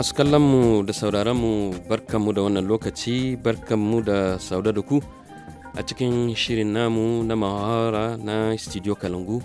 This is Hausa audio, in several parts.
masu kallonmu da sauraronmu barkanmu da wannan lokaci barkanmu da sauda da ku a cikin shirin namu na mahawara na studio kalangu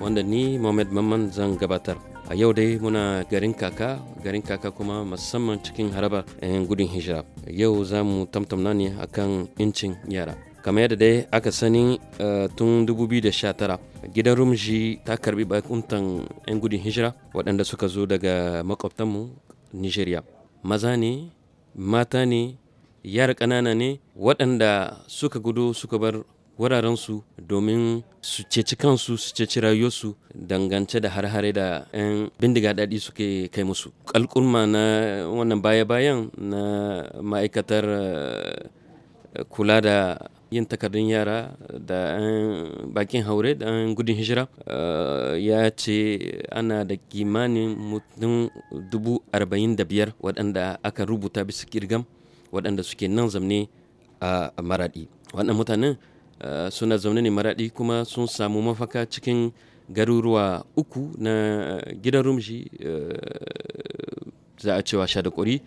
wanda ni mohamed mamman zan gabatar a yau dai muna garin kaka garin kaka kuma musamman cikin haraba 'yan eh, gudun hijira yau za mu tamtamna ne akan incin yara kamar yadda dai aka sani eh, tun 2019 gidan rumji ta karbi bakuntan 'yan gudun hijira waɗanda suka zo daga makwabtanmu Nigeria maza ne mata ne yara ƙanana ne waɗanda suka gudu suka bar wurarensu domin su ceci kansu su ceci rayuwarsu dangance da har-hare da 'yan bindiga daɗi suke kai musu alƙulma na wannan baya-bayan na ma'aikatar eh, kula da yin takardun yara da bakin haure da gudun hijira eh, ya ce ana da kimanin mutum dubu arba'in da biyar waɗanda aka rubuta bisa kirgam waɗanda suke nan zamne a maraɗi waɗannan mutanen eh, suna zaune ne maraɗi kuma sun samu mafaka cikin garuruwa uku na gidan rumshi eh, za a cewa sha da ƙuri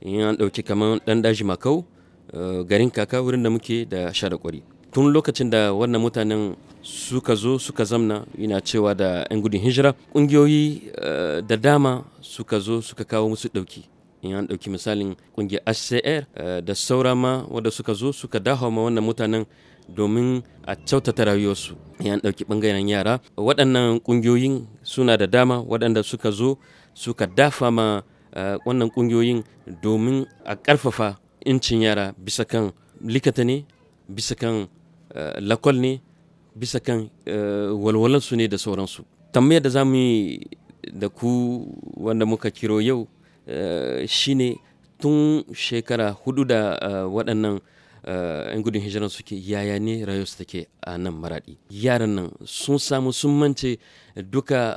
in an ɗauki kamar ɗan daji makau Eh, garin kaka wurin da muke da sha da kwari tun lokacin da wannan mutanen suka zo suka zamna ina cewa da 'yan gudun hijira ƙungiyoyi eh, da dama suka zo suka kawo musu ɗauki in an ɗauki misalin ƙungiyar hcr eh, da saura ma wadda suka zo suka dawo ma wannan mutanen domin a kyautata rayuwarsu in an ɗauki bangaren yara waɗannan ƙungiyoyin suna da dama waɗanda suka zo suka dafa ma wannan ƙungiyoyin domin a ƙarfafa incin yara bisa kan likata ne bisa kan eh, lakwal ne bisa kan eh, walwalansu ne da sauransu tambayar da za mu yi da ku wanda muka kiro yau eh, shine tun shekara hudu da waɗannan 'yan gudun hijiran suke yaya ne rayuwarsu take a nan maraɗi yaran nan sun samu sun mance duka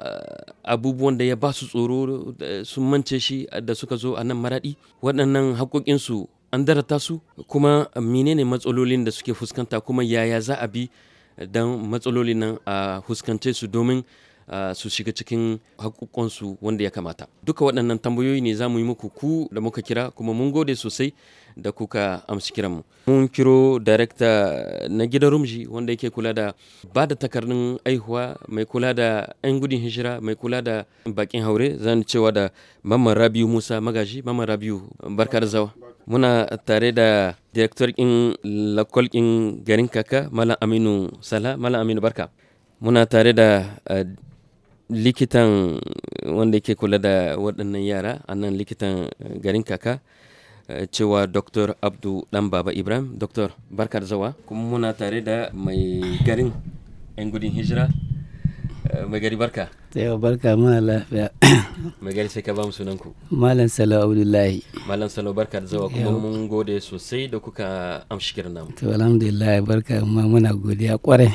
abubuwan da ya ba su tsoro sun mance shi da suka zo a nan maraɗi waɗannan haƙoƙinsu an darata su kuma menene matsalolin da suke fuskanta kuma yaya za a bi don matsalolin nan a fuskance su domin su shiga cikin haƙuƙonsu wanda ya kamata duka waɗannan tambayoyi ne za mu yi muku ku da muka kira kuma mun gode sosai da kuka amshi kiranmu mun kiro darekta na gidan rumji wanda yake kula da ba da takardun aihuwa mai kula da 'yan gudun hijira mai kula da bakin haure zan cewa da mamman rabiu musa magaji mamman rabiu barka da zawa muna tare da direktor in lakol garin kaka malam aminu sala malam aminu barka muna tare da likitan wanda yake kula da waɗannan yara a nan likitan eh, garin kaka eh, cewa dr abdu dan baba ibrahim dr barkar zawa kuma muna tare da mai garin 'yan gudun hijira eh, mai gari barka yau barka muna lafiya mai gari sai ka ba mu sunanku malam salo abdullahi malam salo barka da zawa kuma mun gode sosai da kuka amshi kiran namu to alhamdulillah barka muna godiya kwarai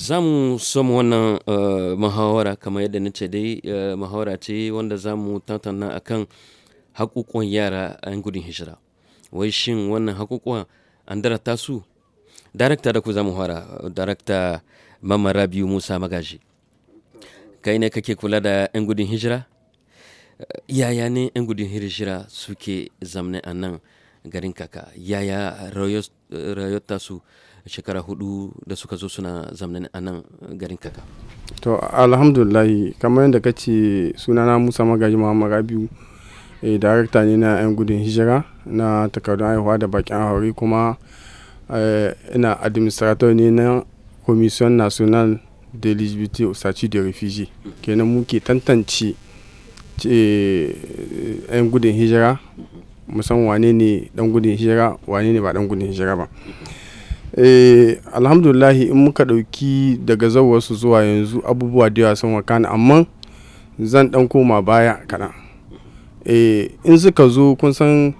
za mu samu wannan eh, mahawara kamar yadda nace dai eh, mahawara ce wanda za mu tantanna akan hakukun yara a gudun hijira wai shin wannan haƙuƙon an darata su darakta da ku za mu darakta mama rabiu musa magaji kai ne kake kula da 'yan gudun hijira eh, yaya ne 'yan gudun hijira suke zamne a nan garin kaka yaya rayuwar su shekara hudu da suka zo suna zamanin a nan garin kaka to alhamdulillahi kamar yadda ka ce sunana musa magaji muhammad rabiu e, eh, darakta ne na 'yan gudun hijira na takardun haihuwa da bakin hauri kuma eh, ina administrator ne na commission national de lgbt au statut de refugee kenan muke tantance eh, 'yan gudun hijira musan wane ne dan gudun hijira wane ne ba dan gudun hijira ba eh alhamdulillahi in muka ɗauki daga zawarsu zuwa yanzu abubuwa da yawa sun wakana amma zan dan koma baya kaɗan eh in suka zo kun san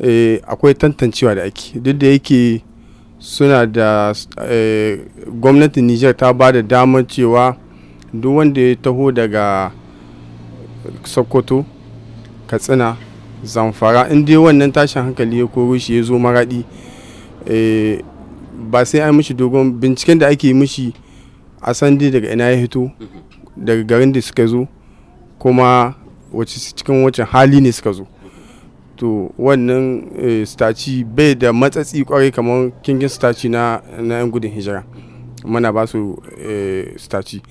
eh, akwai tantancewa da ake duk da yake suna da eh, gwamnatin niger ta ba da damar cewa duk wanda ya taho daga sokoto katsina zamfara in dai wannan tashin hankali ya koro shi ya zo maraɗi eh, ba sai an mishi dogon binciken da ake mishi a san daga ina ya hito daga garin da suka zo kuma wacce cikin wacce hali ne suka zo to wannan eh, staci bai da matsatsi kwarai kamar kingin staci na 'yan gudun hijira mana ba su eh, staci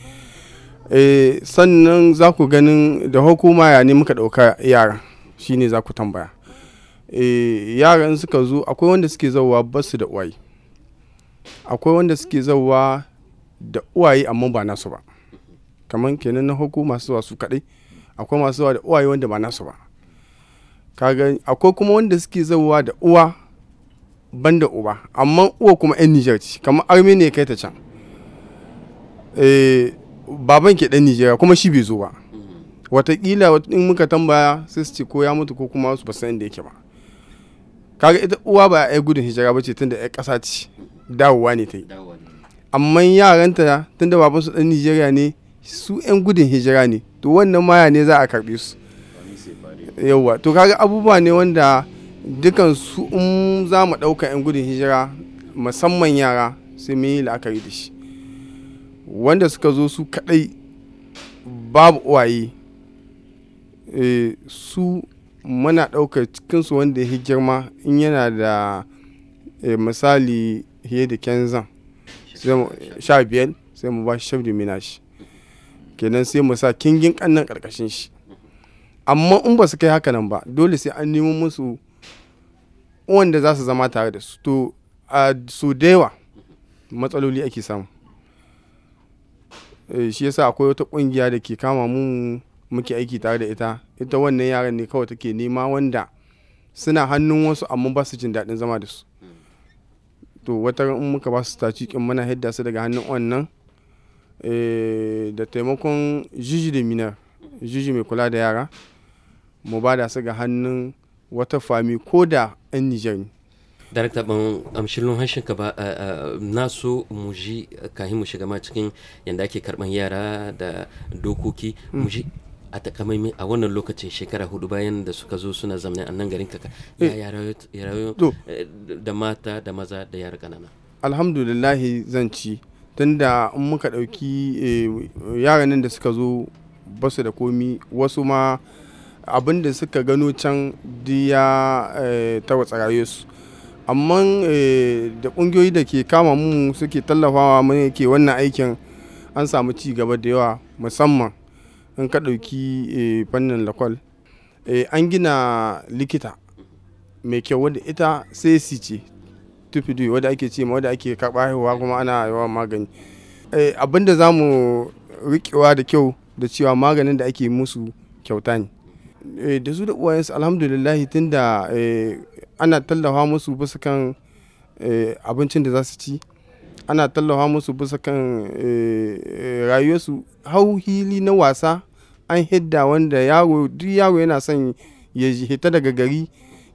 sannan za ku ganin da hukuma ya ne muka ɗauka yara shine za ku tambaya eh, yaran in suka zo akwai wanda suke zauwa ba su da uwaye akwai wanda suke zauwa da uwaye amma ba nasu ba kamar kenan na hukuma masu zuwa su kaɗai akwai masu zuwa da uwaye wanda ba nasu ba kaga akwai kuma wanda suke zauwa da uwa ban da uba amma uwa kuma yan nijar ce kamar armenia kai ta can eh, baban ke dan nijar kuma shi bai zo ba watakila in muka tambaya sai su ce ko ya mutu ko kuma su ba san da yake ba kaga ita uwa ba ai gudun hijira bace tunda ai kasa ce dawowa ne ta yi amma yaranta tunda baban su dan Nigeria ne su yan gudun hijira ne to wannan maya ne za a karbe su yauwa to kaga abubuwa ne wanda dukan su in za mu ɗauka yan gudun hijira musamman yara sai mu yi la'akari da shi wanda suka zo su kaɗai babu uwaye Eh, su muna ɗaukar cikinsu wanda ya girma in yana da eh, misali hiyar da kenzan sha biyar sai mu ba shi shabdi minashi kenan sai mu sa kingin kannan karkashin shi amma in ba su kai haka nan ba dole sai an nemo musu wanda za su zama tare da su to a su yawa matsaloli ake samu eh, shi yasa akwai wata ƙungiya da ke kama mu muke aiki tare da ita ita wannan yaran ne kawai take nema wanda suna hannun wasu amma ba su jin daɗin zama da su to wata in muka ba su taci kin muna hidda su daga hannun wannan eh, da taimakon jiji da minar jiji mai kula da yara mu ba da su ga hannun wata fami ko da 'yan nijar ne darakta ban amshirin hashin ka ba na so mu kahin mu shiga ma cikin yadda ake karban yara da dokoki muji a takamaimai a wannan lokacin shekara hudu bayan da suka zo suna zamani a nan garin kaka ya eh. rayu eh, da mata da maza da yara kanana alhamdulillahi zan ci tunda in muka ɗauki eh, yaranin da suka zo basu da komi wasu ma abin da suka gano can ya diya tarwatsa su amma da ƙungiyoyi da ke kama mu suke tallafawa ke wannan aikin an samu ci gaba da yawa musamman in ka ɗauki eh, fannin lakwal eh, an gina likita mai kyau wadda ita sai ce tufidu wadda ake ce ma wadda ake karɓa haihuwa kuma ana yawan magani eh, abin da za mu riƙewa da kyau da cewa maganin da ake musu kyauta ne da su da uwayensu alhamdulillahi tun da ana tallafa musu bisa kan abincin da za su ci ana tallafa musu bisa kan rayuwarsu hau hili na wasa an hidda wanda yaro duk yaro yana son ya hita daga gari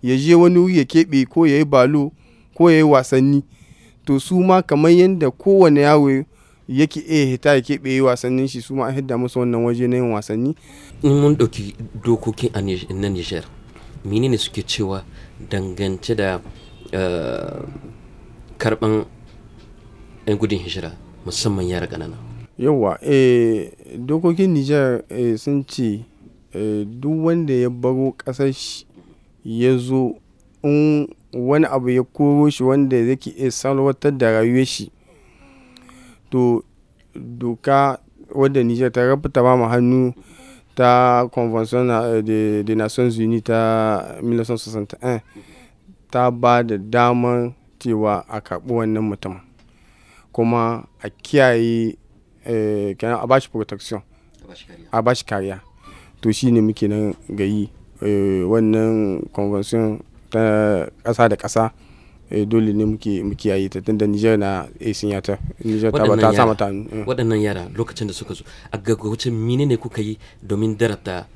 ya je wani wuri ya keɓe ko ya yi balo ko ya yi wasanni to su ma kamar yadda kowane yaro yake iya hita ya keɓe yi wasannin shi su ma an hidda musu wannan waje na yin wasanni in mun ɗauki dokokin a na nijar menene suke cewa dangance da eh, karɓan 'yan gudun hijira musamman yara ƙanana Yauwa, eh, dokokin Nijar eh, sun ce eh, duk wanda ya baro ƙasar shi ya zo in wani abu ya koro shi wanda yake iya salwantar da rayuwar shi, to doka wadda Nijar ta ba mu hannu ta Convention eh, des Nations Unies ta 1961 ta ba da daman cewa a karɓi wannan mutum kuma a kiyaye Eh, kenan a bashi protection a bashi kariya to shi ne muke nan ga yi eh, wannan convention ta ƙasa da ƙasa eh, dole ne muke yayi ta tunda Niger na a sinyata Niger ta bata sa mata waɗannan yara lokacin da suka zo a gaggauce mine ne kuka yi domin darabta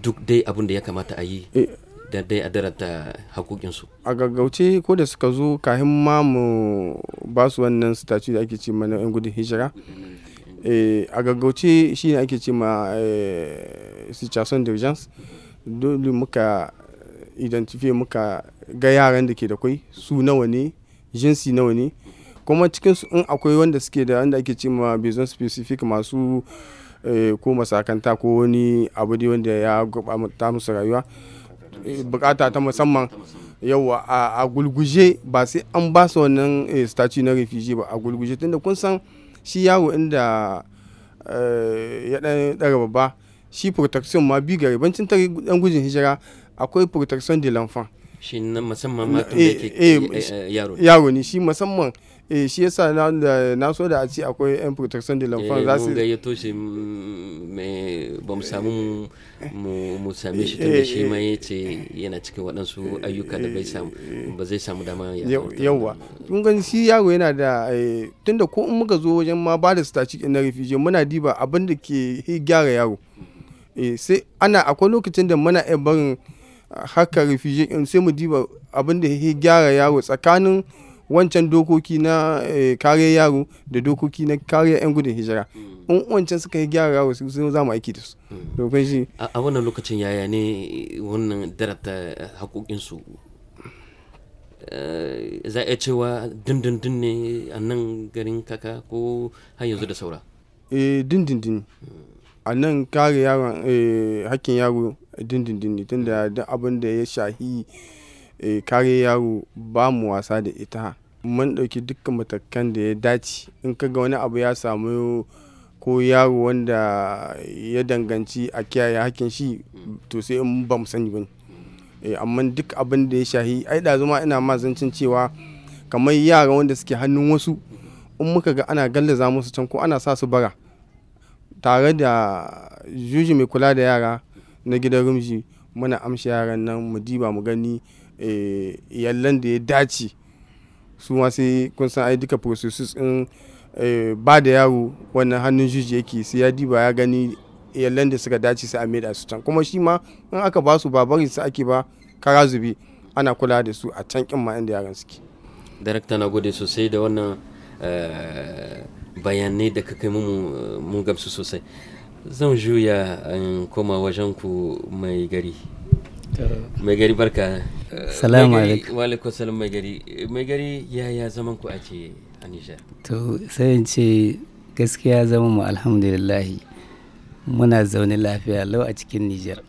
duk dai abin da ya kamata a yi da dai a darata hakokinsu a gaggauce ko da suka zo kahin ma mu ba su wannan staci da ake ce na yan gudun hijira eh, a gaggauce shi ne ake ce ma eh, situation d'urgence dole muka identify muka ga yaran da ke da kwai su nawa ne jinsi nawa ne kuma cikinsu in akwai wanda suke da wanda ake ce ma business specific masu eh, ko masakanta ko wani abu dai wanda ya ta musu rayuwa Eh, bukata ta musamman yawa a gulguje ba sai an ba su wannan de eh, refugee ba a gulguje tunda kun san shi inda eh, ya dan babba shi protection ma bi protection de l'enfant shi na musamman ma tun eh, yake eh, eh, yaro yaro ne shi musamman eh shi yasa na na so da a ce akwai yan protection de l'enfant za su gayyato toshe me mm, ba mu samu mu mu same shi tunda shi ma yace yana cikin waɗansu ayyuka da bai samu ba zai samu dama ya yawa kun gani shi yaro yana da tunda ko in muka zo wajen ma ba da static na refugee muna diba abin da ke gyara yaro sai ana akwai lokacin da muna iya barin haka refugee in sai mu diba abin da ya gyara yaro tsakanin wancan dokoki na eh, kare yaro da dokoki na kare 'yan gudun hijira hmm. in wancan suka yi gyara yaro sai za mu aiki da su hmm. domin shi a wannan lokacin yaya ne wannan darata haƙoƙinsu eh, za a cewa dindindin ne a nan garin kaka ko har yanzu da saura eh, dindindin hmm. a nan kare yaron hakkin yaro dindindin tunda duk abin da ya shahi eh, kare yaro ba mu wasa da ita mun ɗauki dukkan matakan da ya dace in ka ga wani abu ya samu ko yaro wanda ya danganci a kiyaye hakkin shi to sai in ba mu sani bane eh, amma duk abin da ya shahi ai da zuma ina ma zancin cewa kamar yara wanda suke hannun wasu in muka ga ana gallaza musu can ko ana sa su bara tare da juji mai kula da yara na gidan rumji muna amshi yaran nan mu diba mu gani eh, yallan da ya dace su ma sai kun san ai duka processus din eh, ba da yaro wannan hannun juji yake sai ya diba ya gani yallan da suka dace sai a maida su can kuma shi ma in aka ba su babarin su ake ba kara zube ana kula da su a can kin ma inda yaran suke darakta na gode sosai da wannan eh, bayanai da ka kai mu mun gamsu sosai zan juya eh, in koma wajen ku mai gari mai gari barka salamu alaikum walaikun salam mai gari mai gari yaya zaman ku ake a nijar to sai in ce gaskiya zama mu alhamdulillah muna zaune lafiya lau a cikin nijar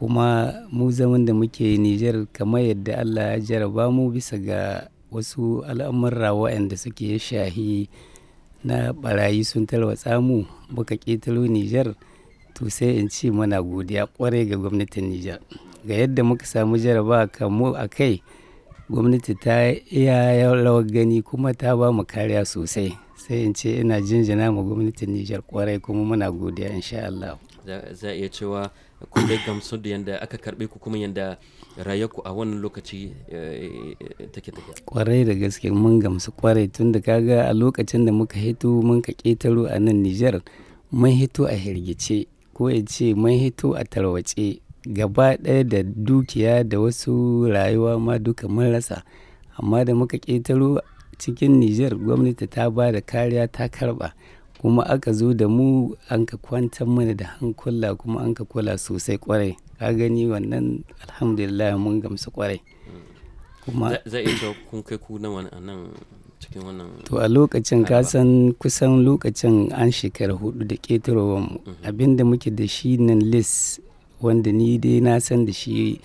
kuma mu zaman da muke nijar kamar yadda allah ya jaraba mu bisa ga wasu al'amurra waɗanda suke shahi na barayi sun talwatsa mu muka ƙetaro Nijar to sai in ce muna godiya kwarai ga gwamnatin Nijar. Ga yadda muka samu jaraba mu a kai gwamnati ta iya rawar gani kuma ta ba mu kariya sosai sai in ce ina jinjina ma gwamnatin Nijar kwarai kuma muna godiya insha Allah. Za a iya cewa kun gamsu da yadda aka karbe ku kuma yadda rayuwarku a wannan lokaci eh, eh, take tafiya kwarai da gaske mun gamsu kwarai tun da kaga a lokacin da muka hito mun ka ketaro a nan Nijar mun hito a hirgice ko ya ce mun hito a tarwace gaba ɗaya da dukiya da wasu rayuwa ma duka mun rasa amma da muka ketaro cikin Nijar gwamnati ta ba da kariya ta karba kuma aka zo da mu an ka kwantar mana da hankula kuma an ka kula sosai kwarai ka gani wannan alhamdulillah mun gamsu kwarai kuma zai iya kun kai ku na a nan cikin wannan to a lokacin ka san kusan lokacin an shekara hudu da ketarowar mu mhm. abinda muke da shi nan list wanda ni dai na san da shi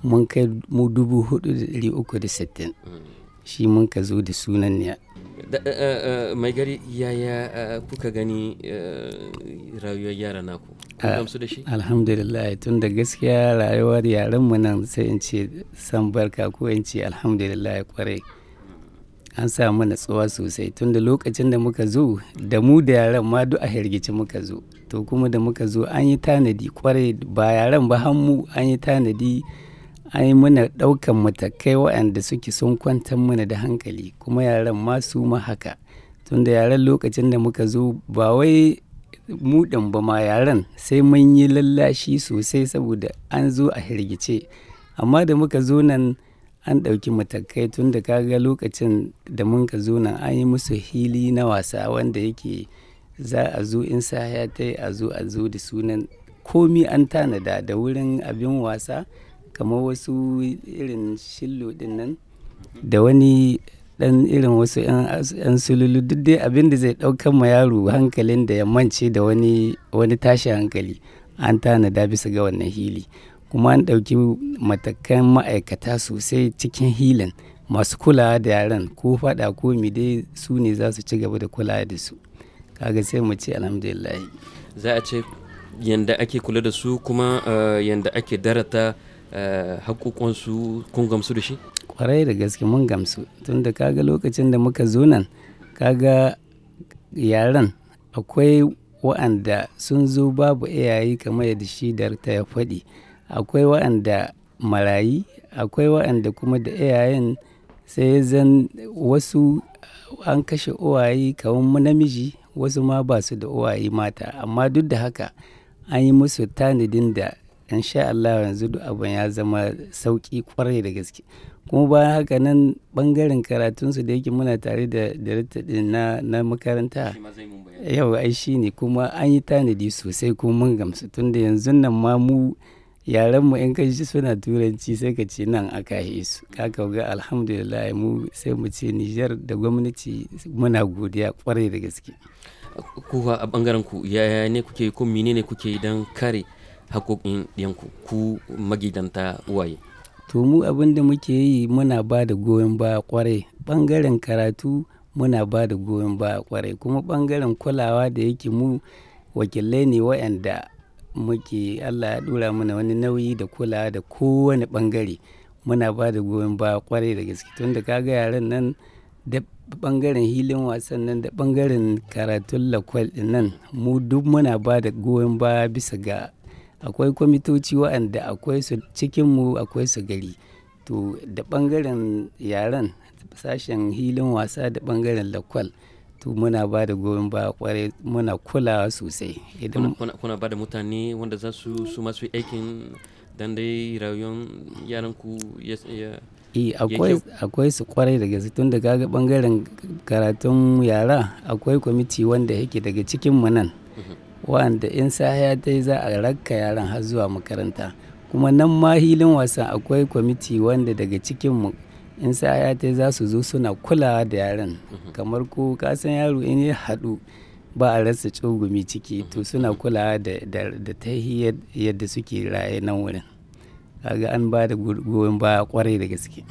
mun kai mu dubu hudu da dari uku da sittin mhm. shi mun ka zo da sunan ne Eh, eh, eh, mai gari yaya kuka gani rayuwar yara naku ah, gamsu da shi alhamdulillah tun da gaskiya rayuwar yaran mu nan sai in ce san barka ko in ce alhamdulillah kwarai an samu natsuwa sosai tun da lokacin da muka zo da mu da yaran ma duk a hirgici muka zo to kuma da muka zo an yi tanadi kwarai ba yaran ba hannu an yi tanadi ai muna ɗaukan matakai waɗanda suke sun kwantar mana da hankali kuma yaren ma su ma haka tunda yaran lokacin da muka zo ba wai mudan ba ma yaran sai mun yi lallashi sosai saboda an zo a hirgice amma da muka zo nan an ɗauki matakai tunda da kaga lokacin da mun ka zo nan an yi musu hili na wasa wanda yake za a zo in sa ya ta a zo a zo da sunan komi an tanada da wurin abin wasa kamar wasu irin shillo din nan da wani dan irin wasu 'yan sululu duk dai abin da zai ɗaukan ma yaro hankalin da ya mance da wani wani tashi hankali an tanada bisa ga wannan hili kuma an ɗauki matakan ma'aikata sosai cikin hilin masu kulawa da yaran ko faɗa ko mi dai su ne za su ci gaba da kulawa da su kaga sai mu ce alhamdulillah za a ce yanda ake kula da su kuma eh, yanda ake darata Eh, haƙoƙonsu kun gamsu da shi kwarai da gaske mun gamsu tunda kaga lokacin da muka zo nan kaga yaren akwai wa'anda sun zo babu iyayi kamar yadda shi da ta ya faɗi akwai wa'anda marayi akwai wa'anda kuma da iyayen sai zan wasu an kashe uwaye kamar namiji wasu ma ba su da uwaye mata amma duk da haka an yi musu tanadin da sha Allah yanzu duk abin ya zama sauki kwarai da gaske kuma baya haka nan bangaren karatunsu da yake muna tare da darita na, na makaranta yau ai shi ne kuma an yi tanadi sosai kuma mun gamsu tunda yanzu nan ma mu yaran mu in kai suna turanci sai ka ce nan aka yi su kaka ga alhamdulillah mu sai mu ce Nijar da gwamnati muna godiya kwarai da gaske kuwa a bangaren ku yaya ne kuke ko menene kuke don kare hakokin yanku ku magidanta uwaye to mu abin da muke yi muna ba da goyon baya kwarai bangaren karatu muna ba da goyon baya kwarai kuma bangaren kulawa da yake mu wakilai ne waɗanda muke allah ya dura mana wani nauyi da kula da kowane bangare muna ba da goyon baya kwarai da gaske tun da kaga yaran nan da ɓangaren hilin wasan nan da bangaren karatun lakwal nan mu duk muna ba da goyon baya bisa ga akwai kwamitoci waɗanda akwai su cikinmu akwai su gari to da ɓangaren yaren sashen hilin wasa da ɓangaren lakwal to muna ba da goyon ba kwarai muna kulawa sosai idan kuna ba da mutane wanda za su su masu aikin dan dai rayuwar yaran ku ya eh, akwai su kwarai da gaske tun da kaga ɓangaren karatun yara akwai kwamiti wanda yake daga cikin mu nan wanda in sahiya ta yi za a rakka yaran har zuwa makaranta kuma nan ma hilin wasan akwai kwamiti wanda daga cikinmu in sahiya ta yi za su zo suna kula da yaran mhm. kamar ko kasan yaro in ya haɗu ba a rasa tsogumi ciki mhm. to suna kulawa da ta yadda suke raye nan wurin kaga an ba da goyon baya kwarai da gaske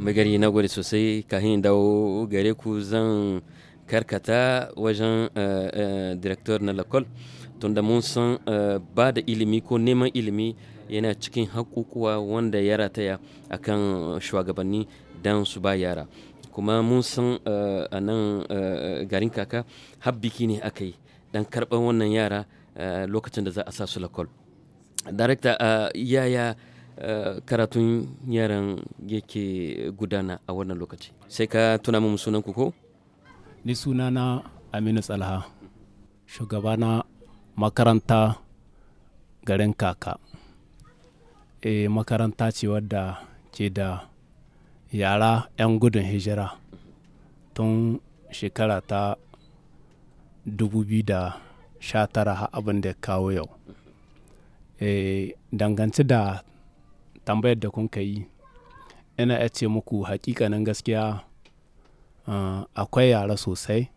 magari na gode sosai kahin dawo gare ku zan karkata wajen eh, eh, director na lakol tunda mun san eh, ba da ilimi ko neman ilimi yana cikin hakukuwa wanda ya rataya a kan shugabanni don su ba yara kuma mun san a nan garin kaka habbiki ne aka yi don karɓar wannan yara lokacin da za a sa su lakol darakta yaya Uh, karatun yaran yake gudana a wannan lokaci sai ka tuna mu sunan ku ko ni sunana aminu tsalha na makaranta garin kaka e makaranta ce wadda ke da yara 'yan gudun hijira tun shekara ta 2019 abin da kawo yau e eh, danganci da tambayar da kun yi ina ya ce muku hakikanin gaskiya Eh, akwai yara sosai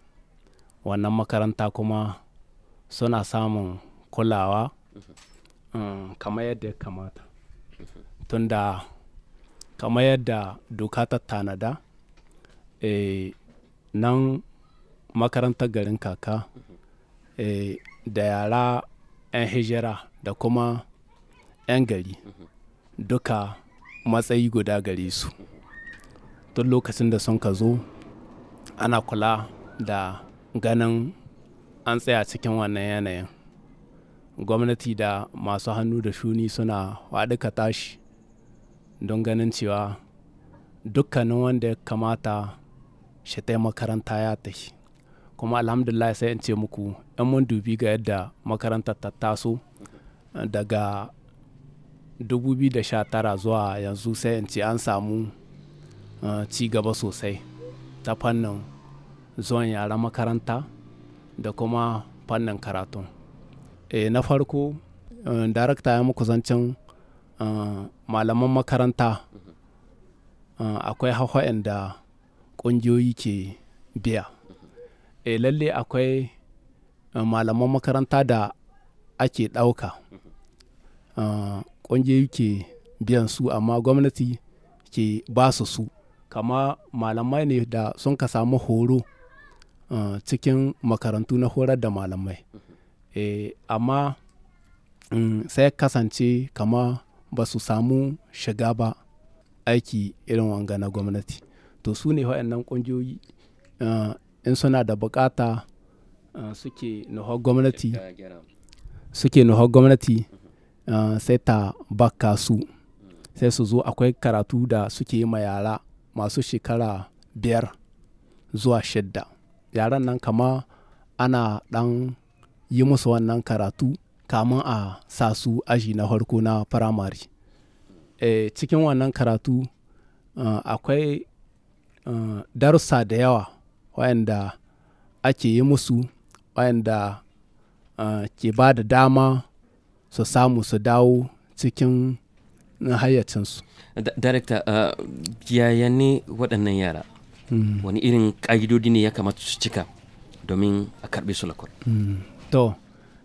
wannan makaranta kuma suna samun kulawa eh, kamar yadda ya kamata tunda kamar yadda doka ta tanada e, nan makarantar garin kaka e, da yara 'yan hijira da kuma 'yan gari duka matsayi guda gare su tun lokacin da sun ka zo ana kula da ganin an tsaya cikin wannan yanayin gwamnati da masu hannu da shuni suna waɗuka tashi don ganin cewa dukkanin wanda ya kamata shi ta makaranta ya tafi kuma alhamdulillah sai in ce muku yan mun dubi ga yadda makaranta ta taso daga 2019 zuwa yanzu sai in ce an samu eh, ci gaba sosai ta fannin zuwan yara makaranta da kuma fannin karatu e, na farko um, darakta ya muku zancen um, malaman makaranta akwai hauha'in da ƙungiyoyi ke biya e, lalle akwai malaman makaranta da ake ɗauka ƙungiyoyi um, ke biyan su amma gwamnati ke ba su su kama malamai ne da sun ka samu horo eh, cikin makarantu na horar da malamai eh, amma mm, sai kasance kama ba su samu shiga ba aiki irin wanga na gwamnati to su ne waɗannan ƙungiyoyi eh, in suna da bukata suke nuhu gwamnati suke nuhu gwamnati sai ta baka su sai su zo akwai karatu da suke yi ma yara masu shekara biyar zuwa shidda yaran nan kama ana ɗan yi musu wannan karatu kamun a sa su aji na farko na firamare e, cikin wannan karatu uh, akwai uh, darussa da yawa wayanda ake yi musu wayanda uh, ke ba da dama su samu su dawo cikin na hayyacinsu darekta uh, yaya ne waɗannan yara hmm. wani irin ƙa'idodi ne ya kamata su cika domin a karɓi su hmm. to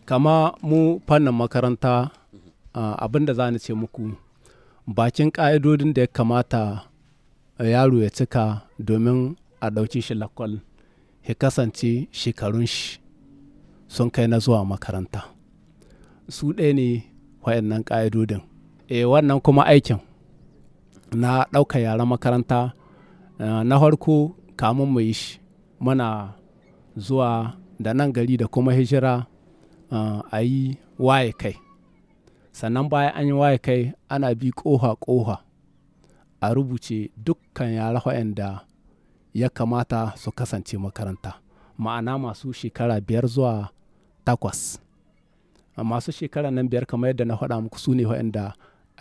kama mu fannin makaranta mhm. uh, abin da za ni ce muku bakin ƙa'idodin da ya kamata uh, yaro ya cika domin a ɗauki shi lakwal ya kasance shekarun shi sun kai na zuwa makaranta su ɗaya ne waɗannan ƙa'idodin e wannan kuma aikin na ɗauka yaran makaranta eh, na harko kamun mu yi shi zuwa da nan gari da kuma hijira eh, a yi waye kai sannan bayan an yi waye kai ana bi ƙoha-ƙoha a rubuce dukkan yara waɗanda ya kamata su kasance makaranta ma'ana masu shekara biyar zuwa takwas masu shekara nan biyar kamar yadda na faɗa muku su ne waɗanda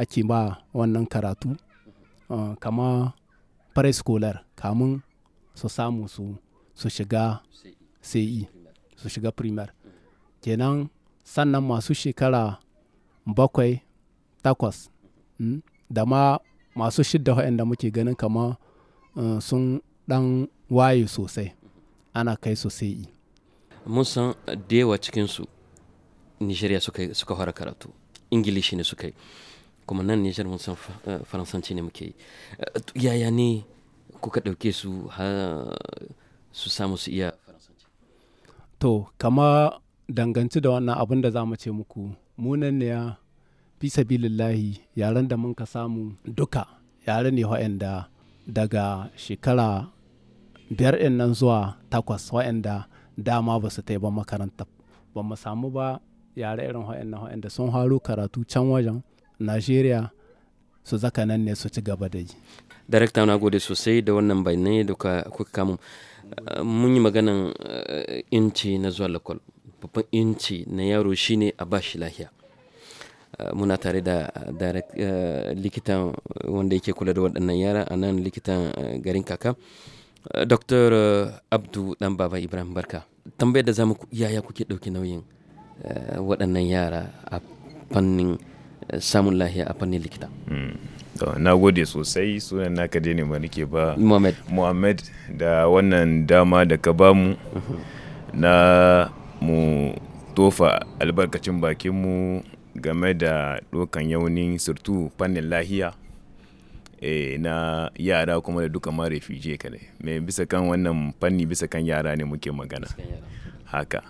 ake ba wannan karatu uh, kama preschooler kamun su samu su su shiga sai e, su shiga primar kenan sannan masu shekara bakwai takwas hmm, da ma masu shidda waɗanda muke ganin kama uh, sun ɗan waye sosai ana kai su sai e. mun san da yawa cikinsu nigeria suka fara karatu ingilishi ne suka yi kuma nan nijar mun san eh, faransanci ne muke yi eh, yaya ne kuka ɗauke su su samu su iya to kama danganci da wannan abin da za mu ce muku munan ne ya fi sabilillahi yaren da mun ka samu duka yare ne waɗanda daga shekara biyar ɗin nan zuwa takwas da dama ba su ba makaranta ba mu samu ba yare irin waɗannan da sun haro karatu can wajen najeriya su zaka nan ne su ci gaba da yi darakta na gode sosai da wannan bayanai da kuka kamun eh, mun yi maganan eh, inci na zuwa lakwal babban inci na yaro shine a bashi lahiya eh, muna tare da likitan wanda yake kula da waɗannan yara a nan likitan garin kaka dr abdu dan baba ibrahim barka tambayar da zamu yaya kuke ɗauki nauyin waɗannan yara a fannin samun lahiya a fannin likita hmm. na gode sosai sunan naka dai ne nake ba muhammad da wannan dama da ka bamu na mu tofa albarkacin bakinmu game da dokan yaunin surtu fannin lahiya e, na yara kuma da duka ma refugee kadai mai bisa kan wannan fanni bisa kan yara ne muke magana haka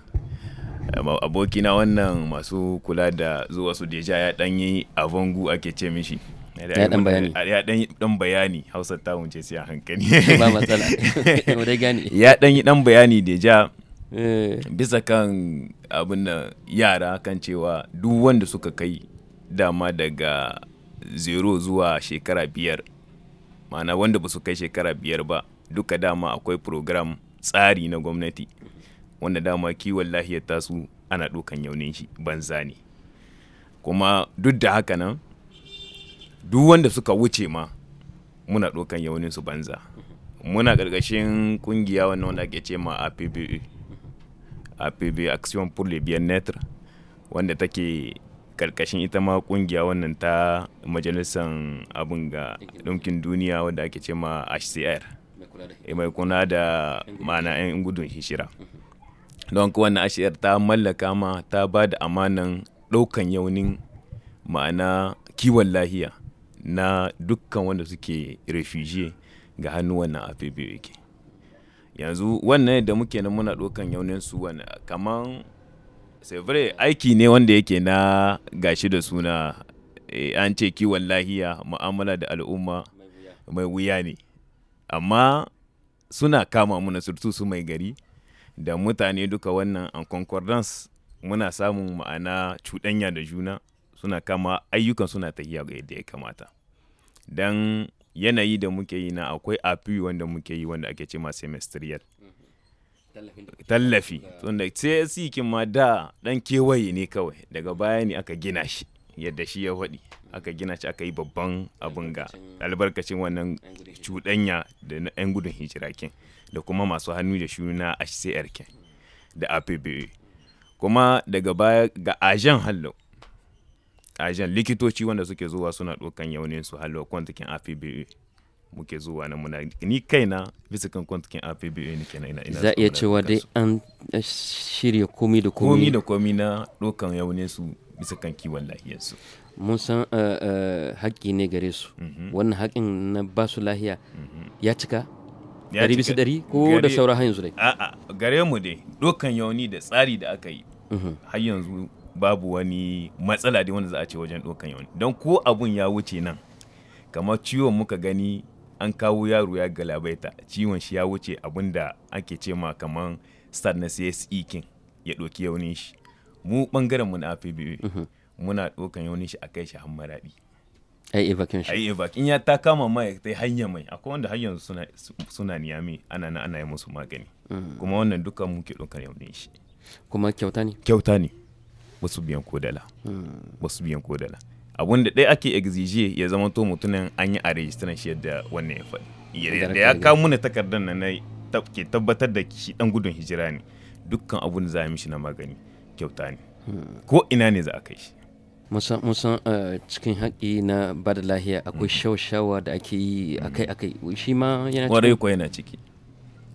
aboki na wannan masu kula da zuwa su deja ya a avangu ake ce mishi ya dan bayani ya dan bayani Hausa ta wunce sai a hankali ba matsala ya dan yi dan bayani deja eh. bisa kan abin da yara kan cewa duk wanda suka kai dama daga zero zuwa shekara biyar ma'ana wanda ba su kai shekara biyar ba duka dama akwai program tsari na gwamnati wanda dama kiwon lahiyar tasu ana dokan yaunin shi banza ne kuma duk da haka nan duk wanda suka wuce ma muna dokan yaunin su banza muna ƙarƙashin kungiya wannan wanda ake ce ma apb e, apb e, action pour le bien-être wanda take karkashin ita ma kungiya wannan ta majalisar abin ga ɗinkin duniya wanda ake ce ma hcr mai kuna da eh, mana 'yan gudun hishira don kuwa na ashiyar ta mallaka ma ta ba da amanan ɗaukan yaunin ma'ana kiwon lahiya na dukkan wanda suke refugee ga hannu wannan afebe yake yanzu wannan da muke nan muna ɗaukan yaunin su wani kaman sevre aiki ne wanda yake na gashi da suna e, an ce kiwon lahiya mu'amala da al'umma mai wuya ne amma suna kama muna surtu su mai gari da mutane duka wannan an concordance muna samun ma'ana cuɗanya da juna suna kama ayyukan suna ta tafiya ga yadda ya kamata don yanayi da muke yi na akwai api wanda muke yi wanda ake ce ma semestriyar tallafi tunda sai e ma da ɗan kewaye ne kawai daga baya ne aka gina shi yadda shi ya faɗi aka gina shi aka yi babban abin ga albarkacin wannan cuɗanya da na 'yan gudun hijira kin da kuma masu hannu da shuni na hcr kin da apbe kuma daga baya ga ajan hallo ajan likitoci wanda suke zuwa suna ɗaukan yaunin su hallo kwantakin apbe muke zuwa na muna ni kaina bisa kan kwantakin apbe ne kenan ina ina za iya cewa dai an shirya komi da komi komi da komi na ɗaukan yaunin su bisa kan kiwon lafiyarsu mun san eh, eh, haƙƙi ne gare su mhm. wannan haƙƙin na ba su lahiya mhm. ya cika dari bisa dari ko da saura har yanzu dai a'a gare mu dai dokan yauni da tsari da aka yi mhm. har yanzu babu wani matsala da wanda za a ce wajen dokan yauni don ko abun ya wuce nan kamar ciwon muka gani an kawo yaro ya galabaita ciwon shi ya wuce abun da ake ce ma kamar star na ya ɗauki yaunin shi mu ɓangaren mu na APBA muna ɗaukan yawanin shi a kai shi har maraɗi ai evacuation ai evacuation in ya ta kama ma ya tai hanya mai akwai wanda hanyar suna suna niyami ana na ana yi musu magani mm. kuma wannan dukkan mu ke ɗaukan yawanin shi kuma kyauta ne kyauta ne wasu biyan kodala wasu mm. biyan kodala abun da ɗaya ake exige ya zama to mutumin an yi a rejistaran shi yadda wannan ya faɗi da ya kawo muna takardar nan ke tabbatar da shi dan gudun hijira ne dukkan abun da za a mishi na magani kyauta ne mm. ko ina ne za a kai shi musan eh, cikin haƙi na ba da lahiya akwai mm. shawarwa da ake yi mm. akai-akai shi ma yana ciki kwarai kuwa na ciki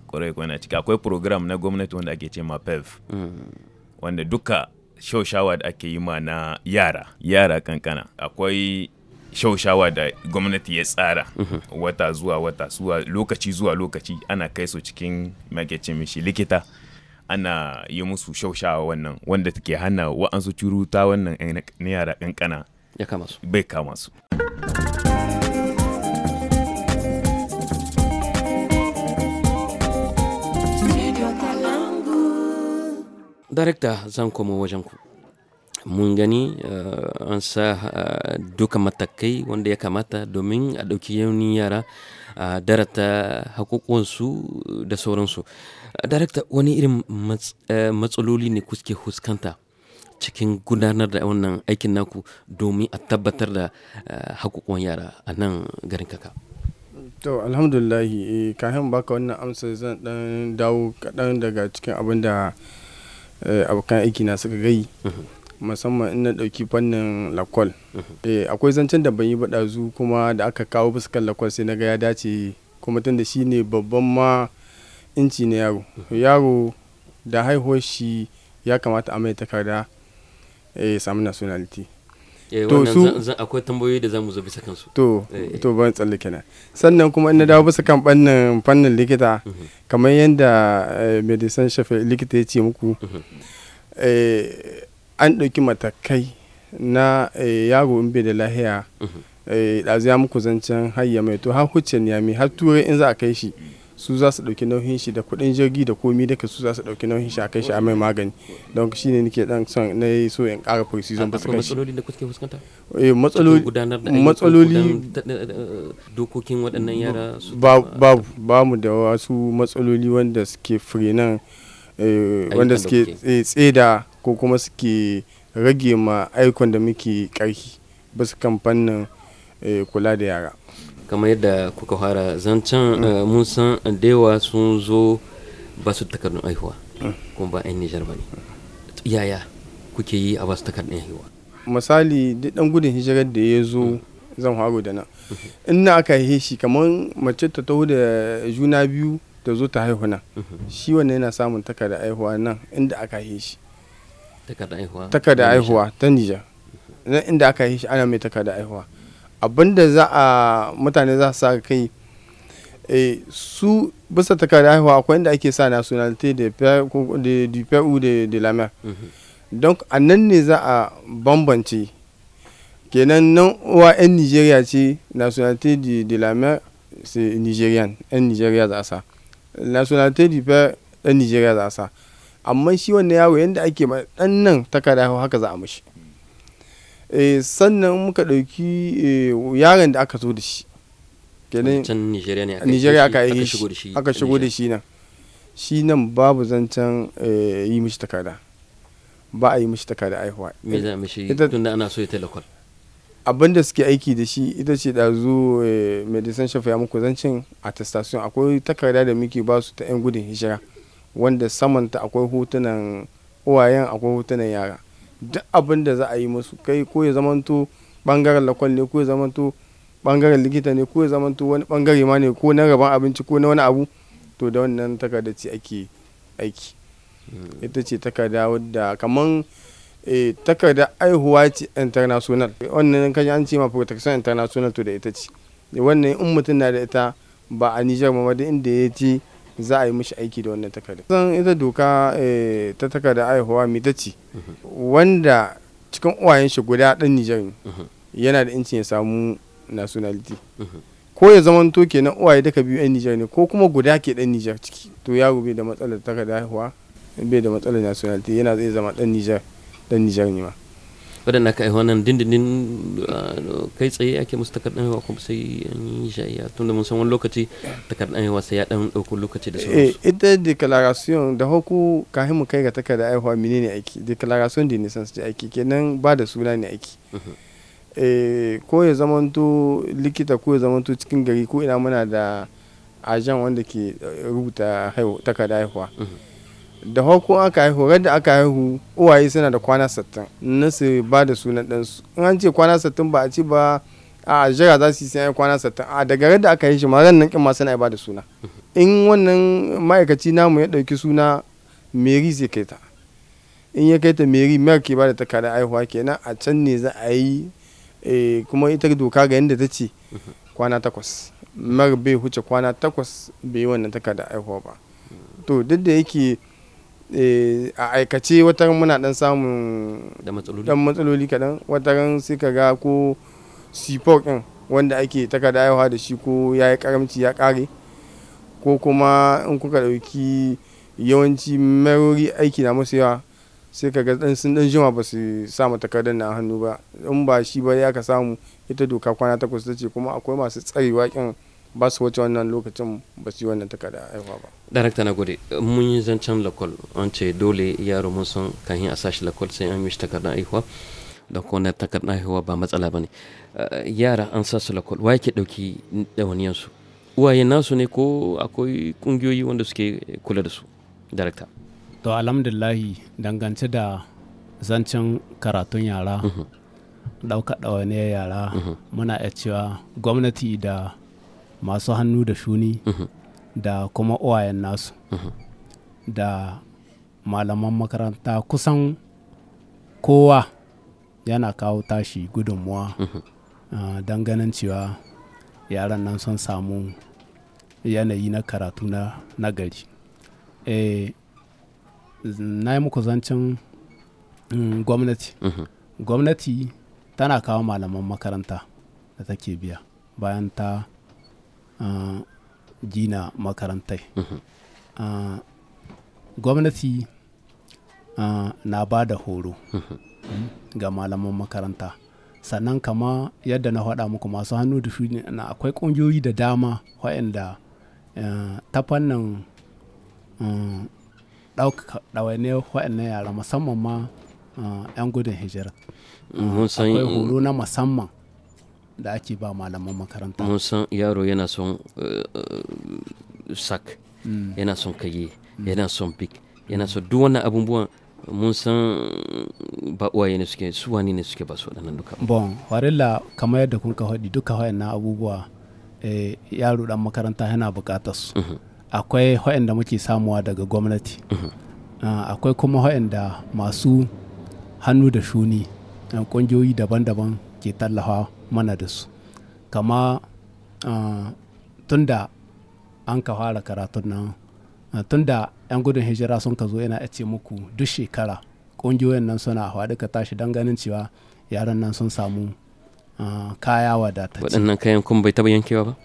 kwarai kuwa na ciki akwai program na gwamnati wanda ake ce ma pev mm. wanda duka shawarwa da ake yi ma na yara yara kankana akwai shawarwa da gwamnati ya tsara mm-hmm. wata zuwa wata zuwa lokaci zuwa lokaci ana kai su cikin magacin mishi likita ana yi musu shaushawa wannan wanda take hana wa'ansu curuta wannan na yara kankana ya bai kama su darekta zan komo wajen mun gani eh, an sa eh, duka matakai wanda ya kamata domin a ɗauki yauni yara Ah, darata haƙoƙonsu da sauransu ah, darakta wani irin eh, matsaloli ne kuke huskanta cikin gudanar da wannan aikin naku domin a tabbatar da eh, haƙoƙon yara a nan garin kaka to alhamdulahi eh, kafin baka wannan amsa zan dan dawo kaɗan daga cikin abin da abokan aiki na suka gai mhm. musamman ina ɗauki fannin lakwal mhm. eh akwai zancen da ban yi ba ɗazu kuma da aka kawo fuskar lakwal sai na ga ya dace kuma tunda shi ne babban ma inci na yaro mhm. yaro da haihuwar shi ya kamata a mai takarda eh, ya samu nationality eh, to su akwai tambayoyi da zamu zo bisa kansu to eh, to ban tsalle kenan sannan kuma ina dawo bisa kan fannin fannin likita mhm. kamar yadda medicine chef likita ya ce muku an ɗauki matakai na eh, yaro in bai da lahiya mhm. eh, ɗazu ya muku zancen hayya mai to har huccen ya mai har turai in za a kai shi su za su ɗauki nauyin shi da kuɗin jirgi da komi daga su za su ɗauki nauyin shi a kai shi a mai magani don shi ne nake dan son na yi so in ƙara zan ba su kai shi matsaloli da kuke fuskanta eh, matsaloli dokokin waɗannan yara babu babu da wasu matsaloli wanda suke frenan wanda suke tseda ko kuma suke rage ma aikon da muke karfi basu kan fannin eh, kula da yara kamar yadda kuka fara zancen eh, mun san da yawa sun zo ba su takardun aihuwa kuma ba 'yan nijar ba ne yaya kuke yi a ba su takardun aihuwa misali duk dan gudun hijirar da ya zo zan haro da nan in aka haihe shi kamar mace ta taho da juna biyu ta zo ta haihu nan shi wannan yana samun takarda aihuwa nan inda aka haihe shi takarda aihuwa ta nijar na inda aka yi shi ana mai takarda aihuwa abinda za a mutane za su sa kai eh, su bisa takarda aihuwa akwai inda ake sa nationality da du peru da lamar don a nan ne za a bambance kenan nan uwa 'yan nigeria ce nationality de, de la mer c'est nigerian 'yan nigeria za a sa nationality du père 'yan nigeria za a sa amma shi wannan yawo yadda ake ma dan nan takarda haka za a mashi eh, sannan muka ɗauki eh, yaron da aka zo da shi kenan nigeria aka yi shi aka shigo da shi nan shi nan babu zancen eh, yi mishi takarda ba a yi mishi takarda aihuwa me za a mishi tunda ana so ya telekol abin da suke aiki da shi ita ce da zo medicine shafa ya muku zancen attestation akwai takarda da muke ba su ta yan gudun hijira wanda samanta akwai hotunan uwayen akwai hotunan yara duk abin da za a yi musu kai ko ya zamanto bangaren lakwal ne ko ya zamanto bangaren likita ne ko ya zamanto wani bangare ma ne ko na rabon abinci ko na wani abu to da wannan takarda ce ake aiki hmm. ita ce takarda wadda kaman eh, takarda aihuwa ce international wannan kan an ce ma protection international to da ita ce wannan in mutum na da ita ba a nijar ma inda ya ce za a yi mishi aiki da wannan takarda zan ita doka eh, ta takarda aihuwa mai ta ce wanda cikin uwayen shi guda ɗan nijar yana da incin ya samu nationality ko ya zama to kenan uwaye daga biyu yan nijar ne ko kuma guda ke dan nijar ciki to yaro bai da matsalar takarda aihuwa bai da matsalar nationality yana zai zama ɗan nijar dan nijar ne ma waɗanda aka aiwa nan dindindin kai tsaye ake musu takardar haihuwa kuma sai an yi shayya tunda mun san wani lokaci takardar haihuwa sai ya dan ɗauko lokaci da sauransu. Eh, ita declaration da hoku kafin mu kai ga takardar haihuwa mini ne aiki declaration de su da aiki kenan ba da suna ne aiki. Mhm. Eh, ko ya zamanto likita ko ya zamanto cikin gari ko ina muna da ajan wanda ke eh, rubuta takardar haihuwa. Mhm. da farko aka haihu ran da aka haihu uwaye suna da kwana sattin na su ba da sunan ɗansu in an ce kwana sattin ba a ci ba a jira za su yi sai kwana sattin a daga ran da aka yi shi ma ran nan kin ma suna ba da suna mm-hmm. in wannan ma'aikaci namu ya ɗauki suna mary zai kai ta in ya kai ta mary mer ke ba da takardar aihuwa kenan a can ne za a yi eh, kuma ita doka ga yadda ta ce mm-hmm. kwana takwas mar bai huce kwana takwas bai yi wannan takarda aihuwa ba mm-hmm. to duk da yake Eh, a aikace wataran muna dan samun dan matsaloli kadan wataran sai ka ga ko sipok ɗin wanda ake takarda yawa da shi ko ya yi karamci ya kare ko kuma in kuka dauki yawanci marori aiki na masu yawa sai ka ga dan sun dan jima ba su samu takardar na hannu ba in ba shi ba ya ka samu ita doka kwana takwas ta ce kuma akwai masu tsarewa kin ba su wuce wannan lokacin ba su yi wannan takarda haihuwa ba darakta na gode mun yi zancen lakol an ce dole yaro mun san yi a sashi lakol sai an yi shi takardar haihuwa da kone takardar haihuwa ba matsala ba ne eh, yara an sa su lakol wa yake ɗauki ɗawaniyarsu uwaye nasu ne ko akwai ƙungiyoyi wanda suke kula da su darakta to alhamdulillahi dangance da zancen karatun yara mhm. ɗauka ɗawaniyar yara mhm. muna iya cewa gwamnati da masu hannu da shuni mhm. da kuma uwayen nasu mhm. da malaman makaranta kusan kowa yana kawo tashi gudunmuwa mhm. don ganin cewa yaran nan sun samu yanayi na karatu na gari eh, na yi muku zancen mm, gwamnati gwamnati tana kawo malaman makaranta da take biya bayan ta gina makarantai mhm. gwamnati na ba da horo mhm. ga malaman makaranta sannan kama yadda na faɗa muku masu hannu da na akwai ƙungiyoyi da dama waɗanda ta fannin ɗaukaka ɗawainiyar waɗannan yara musamman ma 'yan gudun hijira akwai horo na musamman da ake ba malaman makaranta mun san yaro yana son eh, eh, sak mm. yana son kaye mm. yana son pik yana son duk wannan abubuwan mun san ba uwaye ne suke su wani ne suke ba su waɗannan duka bon warilla kamar yadda kun ka faɗi duka waɗannan abubuwa eh, yaro dan makaranta yana buƙatar su mm-hmm. akwai waɗanda muke samuwa daga gwamnati mm-hmm. ah, akwai kuma waɗanda masu hannu da shuni ƙungiyoyi daban-daban ake tallafa mana da su kama ah, tun da an ka fara karatun nan ah, tun da 'yan gudun hijira sun ka zo yana ce muku duk shekara ƙungiyoyin nan suna hawa duka tashi don ganin cewa yaran nan sun samu ah, kaya wadatacce waɗannan kayan kun bai taɓa yankewa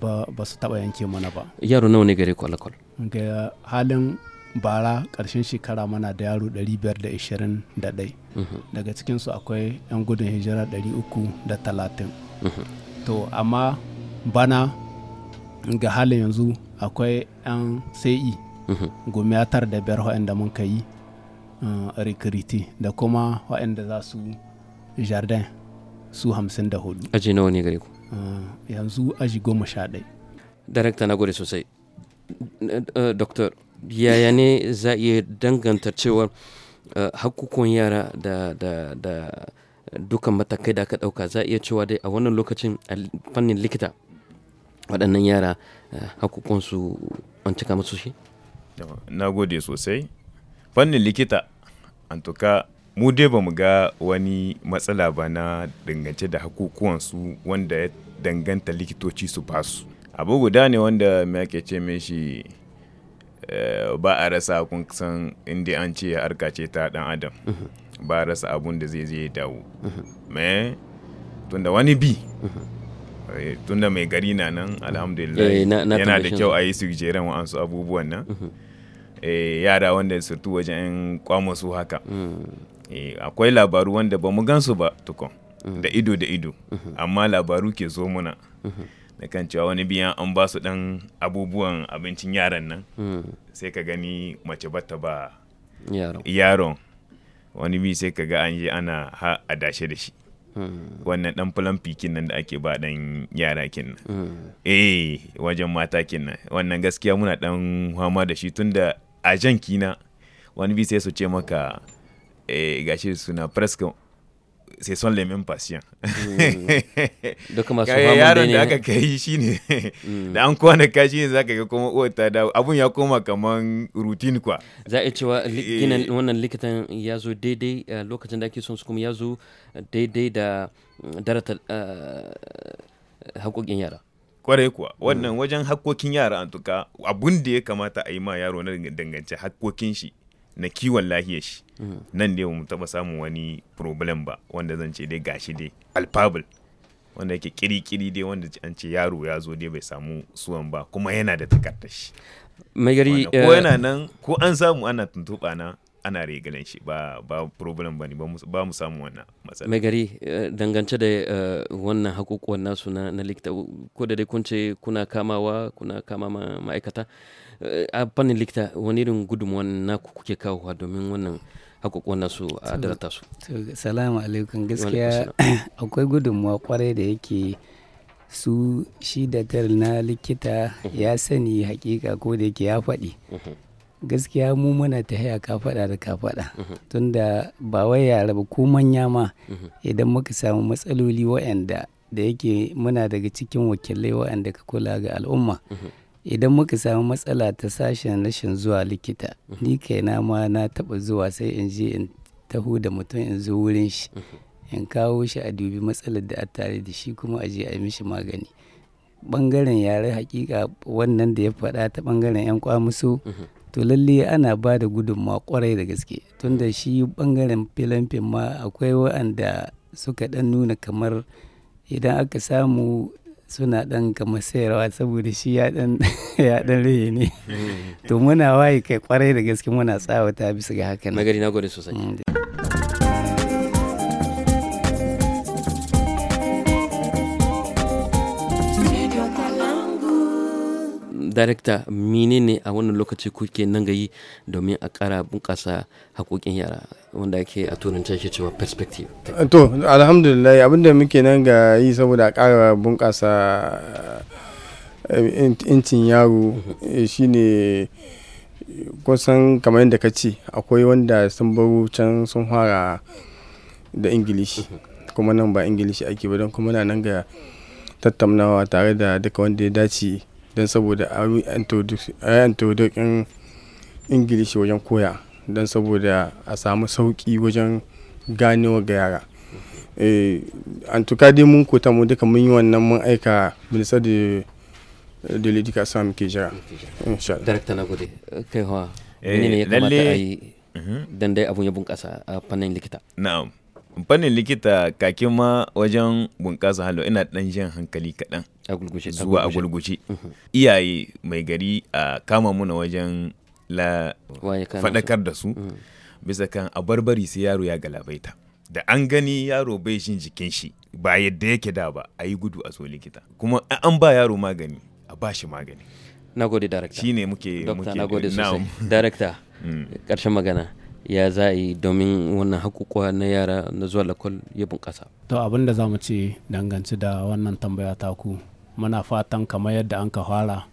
ba ba su taɓa yanke mana ba yaro nawa ne gare ku alakwal ga halin bara ƙarshen shekara mana da yaro 521 mhm. daga cikinsu akwai 'yan gudun hijira 330 mhm. to amma bana ga halin yanzu akwai 'yan sai e mhm. gumiyatar da biyar waɗanda mun ka yi uh, rikiriti da kuma waɗanda za su jardin su 54 aji nawa ne gare ku uh, yanzu aji goma sha ɗai darakta na gode sosai uh, doctor yaya ne za iya danganta cewa eh, hakukuwan yara da, da, da dukan matakai da aka ɗauka za iya cewa dai a wannan lokacin a fannin likita waɗannan yara eh, hakukunsu an cika musu shi? na gode sosai fannin likita an tuka mu dai ba mu ga wani matsala ba na dangance da hakukuwansu wanda ya danganta likitoci su basu abu guda ne wanda me ake ce mai shi Eh, ba a rasa kun san inda an ce harka ce ta dan adam ba a rasa abun da zai zai dawo me tunda wani bi eh, tunda mai gari na nan alhamdulillah eh, yana da kyau a yi jeren wa'ansu abubuwan nan mhm. yara wanda tu wajen kwamo su haka mm. akwai labaru wanda ba mu gansu ba tukon mm. da ido da ido mm-hmm. amma labaru ke zo muna mm-hmm. da kan cewa wani biyan an ba su dan abubuwan abincin yaran nan hmm. sai ka gani mace bata ba yaron wani bi sai ka ga an je ana ha a dashe da shi hmm. wannan dan fulan fikin nan da ake ba dan yara kin hmm. eh wajen mata kin nan wannan gaskiya muna dan hama da shi tunda a jan kina wani bi sai su ce maka eh gashi suna sai son lemin fasiyan mm. duka masu hamun yaron da aka kai shi ne mm. da an kwana ka shi ne za ka ga kuma uwar ta dawo abun ya koma kaman rutin kwa za a cewa eh. ginin wannan likitan ya zo daidai eh, lokacin da ake son su kuma ya zo daidai da mm, darata eh, haƙoƙin yara kwarai kuwa wannan wajen haƙoƙin yara an tuka abun da ya kamata a yi ma yaro na dangance haƙoƙin shi na kiwon lahiyar shi mm. nan dai mu taba samun wani problem ba wanda zan ce dai gashi dai alfabul wanda yake kiri-kiri dai wanda an ce yaro ya zo dai bai samu suwan ba kuma yana da takardar shi ko eh, yana nan ko an samu ana tuntuɓa na ana riganin shi ba ba problem ba ne ba mu samu wannan matsala mai gari eh, dangance da eh, wannan hakukuwan nasu na na likita ko da dai kun ce kuna kamawa kuna kama ma'aikata eh, a fannin likita wani irin gudunmuwan naku kuke kawowa domin wannan hakukuwan nasu a darata su salamu alaikum gaskiya akwai gudunmuwa kwarai da yake su shi da na likita uhuh. ya sani hakika ko da yake ya faɗi uhuh. gaskiya mu muna ta haya kafaɗa da kafaɗa mhm. tunda ba wai yara ba ko manya ma mhm. idan muka samu matsaloli waɗanda da yake muna daga cikin wakilai waɗanda ka kula ga al'umma mhm. idan muka samu matsala ta sashen rashin zuwa likita ni kaina ma na taɓa zuwa sai in je in taho da mutum in zo wurin shi in kawo shi a dubi matsalar da a tare da shi kuma a je a yi mishi magani bangaren yare hakika wannan da ya faɗa ta bangaren 'yan kwamuso to lalle ana ba da gudunmawa kwarai da gaske tunda shi bangaren filamfin ma akwai wa'anda suka dan nuna kamar idan aka samu suna dan kamar sayarwa saboda shi ya dan rahe ne eh. to muna waye kai kwarai da gaske muna tsawata bisa ga hakan nagari na gode sosai mm, Darekta menene a wannan lokaci kuke nan gayi domin a kara bunkasa haƙoƙin yara wanda ake a turanci ke cewa perspective. To, alhamdulillah abinda muke nan ga yi saboda a kara bunƙasa eh, incin yaro eh, shine kusan kamar yadda ka ce akwai wanda sun baro can sun fara da ingilishi kuma nan ba ingilishi ake ba don kuma na nan ga tattaunawa tare da duka wanda ya dace don saboda an todoƙin Ingilishi wajen koya don saboda a samu sauƙi wajen ganewa ga yara. Eh, an tuka dai mun kota mu duka mun yi wannan mun aika minista da dalilika lidika sa muke jira darakta na gode kai hawa eh, ne ya kamata a yi mhm. dandai abun ya bunƙasa a fannin likita na'am fannin likita kakin ma wajen bunƙasa halo ina ɗan jan hankali kaɗan zuwa a gulguce mhm. iyaye mai gari a kama muna wajen la faɗakar da su mhm. bisa kan a barbari sai yaro ya galabaita da an gani yaro bai shin jikin shi ba yadda yake da ba a yi gudu a so likita kuma an ba yaro magani a ba shi magani nagode director shine muke muke nagode sosai director karshen mm. magana ya za a yi domin wannan hakukuwa na yara na zuwa lakwal ya bunƙasa. To abin da za mu ce danganci da wannan tambaya ku muna fatan kamar yadda an ka fara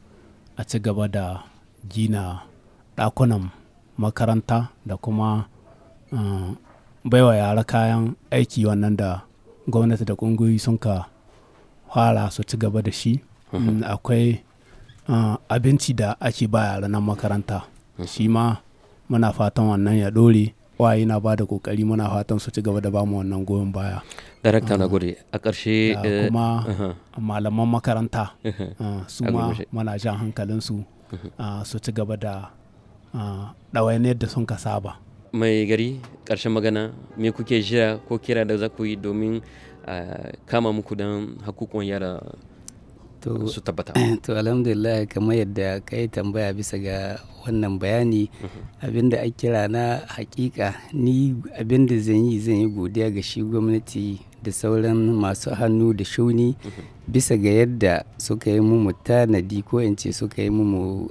a ci gaba da gina ɗakunan makaranta da kuma eh, baiwa yara kayan aiki wannan da gwamnati da ƙungiyoyi sun ka fara su ci gaba da shi mhm. akwai eh, abinci da ake ba yara nan makaranta mhm. shi ma muna fatan wannan ya dore waye na ba da kokari muna fatan su ci gaba da bamu wannan goyon baya director na ah. gode a ƙarshe eh, kuma uh-huh. malaman makaranta uh-huh. ah, su ma muna jan hankalin uh-huh. ah, su ci gaba da ɗawainiyar yadda sun ka saba mai gari ƙarshen magana me kuke jira ko kira da za ku yi domin kama muku don hakukun yara to su tabbata eh, to alhamdulillah kamar yadda ka yi tambaya bisa ga wannan bayani mm-hmm. abinda a kira na hakika ni abinda zan yi zan yi godiya ga shi gwamnati da sauran masu hannu da shuni mm-hmm. bisa ga yadda suka yi mu tanadi ko in ce suka yi mu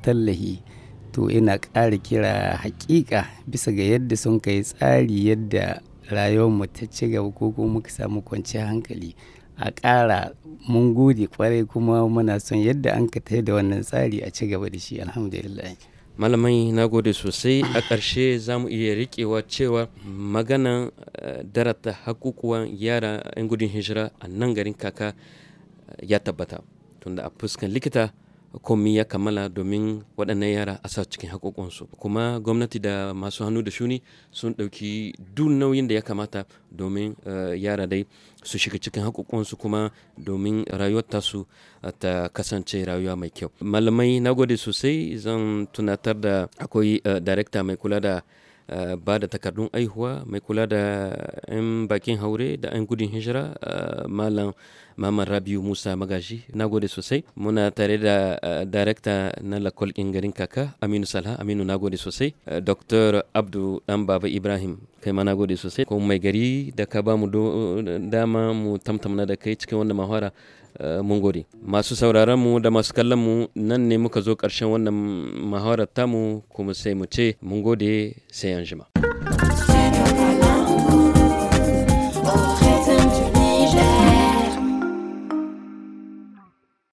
tallahi to ina ƙara kira hakika bisa ga yadda sun kai tsari yadda rayuwar mu ta ci gaba ko kuma muka samu kwanciyar hankali a ƙara mun gode kwarai kuma muna son yadda an ka da wannan tsari a ci gaba da shi alhamdulillah malamai na gode sosai a ƙarshe za mu iya riƙewa cewa maganan eh, darata hakukuwan yara 'yan gudun hijira a nan garin kaka ya tabbata tunda a fuskan likita komi ya kammala domin waɗannan yara a sa cikin haƙoƙonsu kuma gwamnati da masu hannu da shuni sun ɗauki duk nauyin da ya kamata domin eh, yara dai su shiga cikin haƙoƙonsu kuma domin rayuwar tasu eh, ta kasance rayuwa mai kyau malamai na gode sosai zan tunatar da akwai eh, director mai kula da Eh, ba da takardun aihuwa mai kula da 'yan bakin haure da 'yan gudun hijira eh, malam maman rabiu musa magashi na gode sosai muna tare da eh, darekta na lakol garin kaka aminu salha aminu na gode sosai dr abdu dan baba ibrahim kai ma na gode sosai kuma mai gari da ka ba mu dama mu tamtamna da kai cikin wannan mahara Eh, mun gode masu sauraron mu da masu kallon mu nan ne muka zo ƙarshen wannan mahawarar tamu kuma sai mu ce mun gode sai an jima.